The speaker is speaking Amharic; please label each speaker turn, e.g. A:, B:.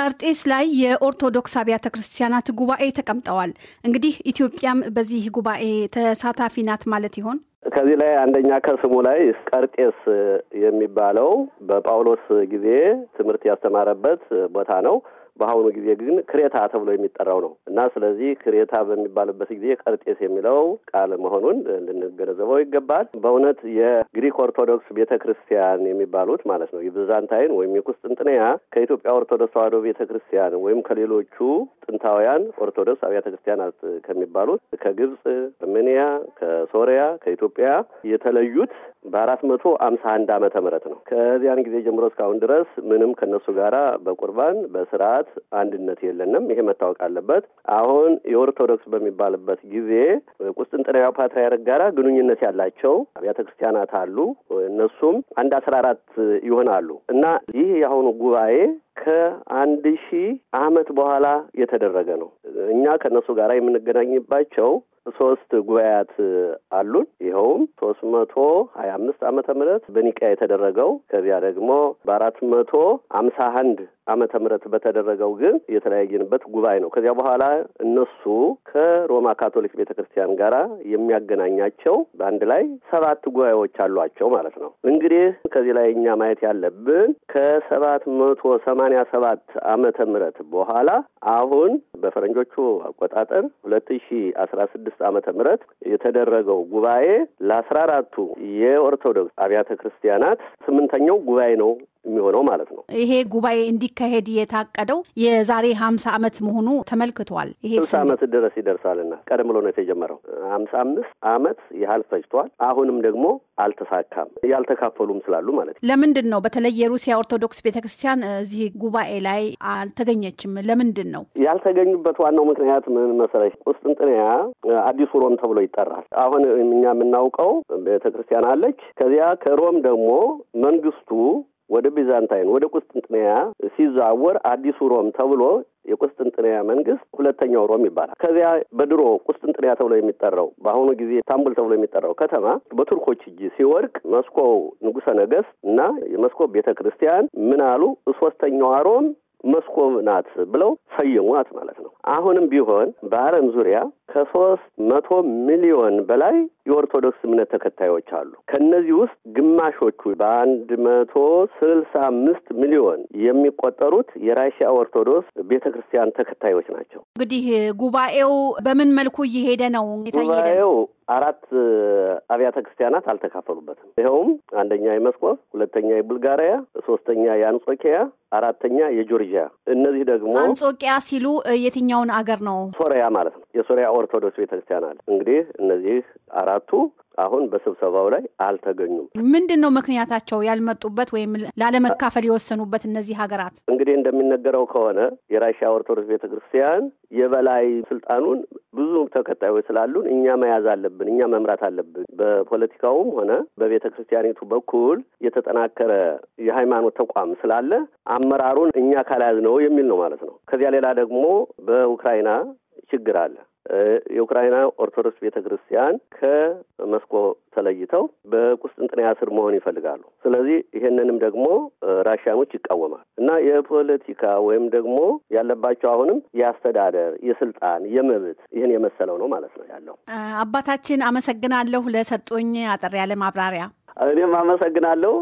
A: ቀርጤስ ላይ የኦርቶዶክስ አብያተ ክርስቲያናት ጉባኤ ተቀምጠዋል። እንግዲህ ኢትዮጵያም በዚህ ጉባኤ ተሳታፊ ናት ማለት ይሆን?
B: ከዚህ ላይ አንደኛ ከስሙ ላይ ቀርጤስ የሚባለው በጳውሎስ ጊዜ ትምህርት ያስተማረበት ቦታ ነው። በአሁኑ ጊዜ ግን ክሬታ ተብሎ የሚጠራው ነው እና ስለዚህ ክሬታ በሚባልበት ጊዜ ቀርጤስ የሚለው ቃል መሆኑን ልንገነዘበው ይገባል። በእውነት የግሪክ ኦርቶዶክስ ቤተ ክርስቲያን የሚባሉት ማለት ነው የብዛንታይን ወይም የቁስጥንጥንያ ከኢትዮጵያ ኦርቶዶክስ ተዋሕዶ ቤተ ክርስቲያን ወይም ከሌሎቹ ጥንታውያን ኦርቶዶክስ አብያተ ክርስቲያናት ከሚባሉት ከግብፅ፣ አርሜንያ፣ ከሶሪያ፣ ከኢትዮጵያ የተለዩት በአራት መቶ አምሳ አንድ ዓመተ ምህረት ነው። ከዚያን ጊዜ ጀምሮ እስካሁን ድረስ ምንም ከነሱ ጋራ በቁርባን በስርዓት በእምነት አንድነት የለንም። ይሄ መታወቅ አለበት። አሁን የኦርቶዶክስ በሚባልበት ጊዜ ቁስጥንጥንያ ፓትርያርክ ጋራ ግንኙነት ያላቸው አብያተ ክርስቲያናት አሉ። እነሱም አንድ አስራ አራት ይሆናሉ እና ይህ የአሁኑ ጉባኤ ከአንድ ሺህ ዓመት በኋላ የተደረገ ነው። እኛ ከእነሱ ጋር የምንገናኝባቸው ሶስት ጉባኤያት አሉን። ይኸውም ሶስት መቶ ሀያ አምስት አመተ ምህረት በኒቃ የተደረገው ከዚያ ደግሞ በአራት መቶ አምሳ አንድ አመተ ምህረት በተደረገው ግን የተለያየንበት ጉባኤ ነው። ከዚያ በኋላ እነሱ ከሮማ ካቶሊክ ቤተ ክርስቲያን ጋር የሚያገናኛቸው በአንድ ላይ ሰባት ጉባኤዎች አሏቸው ማለት ነው። እንግዲህ ከዚህ ላይ እኛ ማየት ያለብን ከሰባት መቶ ሰማንያ ሰባት አመተ ምህረት በኋላ አሁን በፈረንጆቹ አቆጣጠር ሁለት ሺ አስራ ስድስት ሶስት ዓመተ ምህረት የተደረገው ጉባኤ ለአስራ አራቱ የኦርቶዶክስ አብያተ ክርስቲያናት ስምንተኛው ጉባኤ ነው የሚሆነው ማለት ነው።
A: ይሄ ጉባኤ እንዲካሄድ የታቀደው የዛሬ ሀምሳ ዓመት መሆኑ ተመልክቷል። ይሄ ስልሳ
B: ዓመት ድረስ ይደርሳልና ቀደም ብሎ ነው የተጀመረው። ሀምሳ አምስት ዓመት ያህል ፈጅቷል። አሁንም ደግሞ አልተሳካም። ያልተካፈሉም ስላሉ ማለት ነው።
A: ለምንድን ነው በተለይ የሩሲያ ኦርቶዶክስ ቤተክርስቲያን እዚህ ጉባኤ ላይ አልተገኘችም? ለምንድን ነው
B: ያልተገኙበት? ዋናው ምክንያት ምን መሰለሽ? ቁስጥንጥንያ አዲሱ ሮም ተብሎ ይጠራል። አሁን እኛ የምናውቀው ቤተክርስቲያን አለች። ከዚያ ከሮም ደግሞ መንግስቱ ወደ ቢዛንታይን ወደ ቁስጥንጥንያ ሲዛወር አዲሱ ሮም ተብሎ የቁስጥንጥንያ መንግስት ሁለተኛው ሮም ይባላል። ከዚያ በድሮ ቁስጥንጥንያ ተብሎ የሚጠራው በአሁኑ ጊዜ ታምቡል ተብሎ የሚጠራው ከተማ በቱርኮች እጅ ሲወድቅ መስኮ ንጉሰ ነገስት እና የመስኮ ቤተ ክርስቲያን ምን አሉ? ሶስተኛዋ ሮም መስኮብ ናት ብለው ሰየሟት ማለት ነው። አሁንም ቢሆን በዓለም ዙሪያ ከሶስት መቶ ሚሊዮን በላይ የኦርቶዶክስ እምነት ተከታዮች አሉ። ከእነዚህ ውስጥ ግማሾቹ በአንድ መቶ ስልሳ አምስት ሚሊዮን የሚቆጠሩት የራሽያ ኦርቶዶክስ ቤተ ክርስቲያን ተከታዮች ናቸው።
A: እንግዲህ ጉባኤው በምን መልኩ እየሄደ ነው?
B: ጉባኤው አራት አብያተ ክርስቲያናት አልተካፈሉበትም። ይኸውም አንደኛ የመስኮብ፣ ሁለተኛ የቡልጋሪያ፣ ሶስተኛ የአንጾኪያ፣ አራተኛ የጆርጂያ። እነዚህ ደግሞ አንጾኪያ
A: ሲሉ የትኛውን አገር ነው?
B: ሶሪያ ማለት ነው። የሶሪያ ኦርቶዶክስ ቤተክርስቲያን አለ። እንግዲህ እነዚህ አራ አራቱ አሁን በስብሰባው ላይ አልተገኙም።
A: ምንድን ነው ምክንያታቸው ያልመጡበት ወይም ላለመካፈል የወሰኑበት? እነዚህ ሀገራት
B: እንግዲህ እንደሚነገረው ከሆነ የራሽያ ኦርቶዶክስ ቤተ ክርስቲያን የበላይ ስልጣኑን ብዙ ተከታዮች ስላሉን እኛ መያዝ አለብን፣ እኛ መምራት አለብን። በፖለቲካውም ሆነ በቤተ ክርስቲያኒቱ በኩል የተጠናከረ የሃይማኖት ተቋም ስላለ አመራሩን እኛ ካልያዝ ነው የሚል ነው ማለት ነው። ከዚያ ሌላ ደግሞ በውክራይና ችግር አለ። የኡክራይና ኦርቶዶክስ ቤተ ክርስቲያን ከመስኮ ተለይተው በቁስጥንጥንያ ስር መሆን ይፈልጋሉ። ስለዚህ ይሄንንም ደግሞ ራሽያኖች ይቃወማል እና የፖለቲካ ወይም ደግሞ ያለባቸው አሁንም የአስተዳደር፣ የስልጣን፣ የመብት ይህን የመሰለው ነው ማለት ነው ያለው።
A: አባታችን አመሰግናለሁ ለሰጡኝ አጠር ያለ ማብራሪያ።
B: እኔም አመሰግናለሁ።